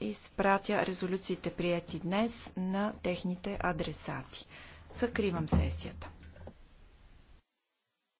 изпратя резолюциите прияти днес на техните адресати. Закривам сесията.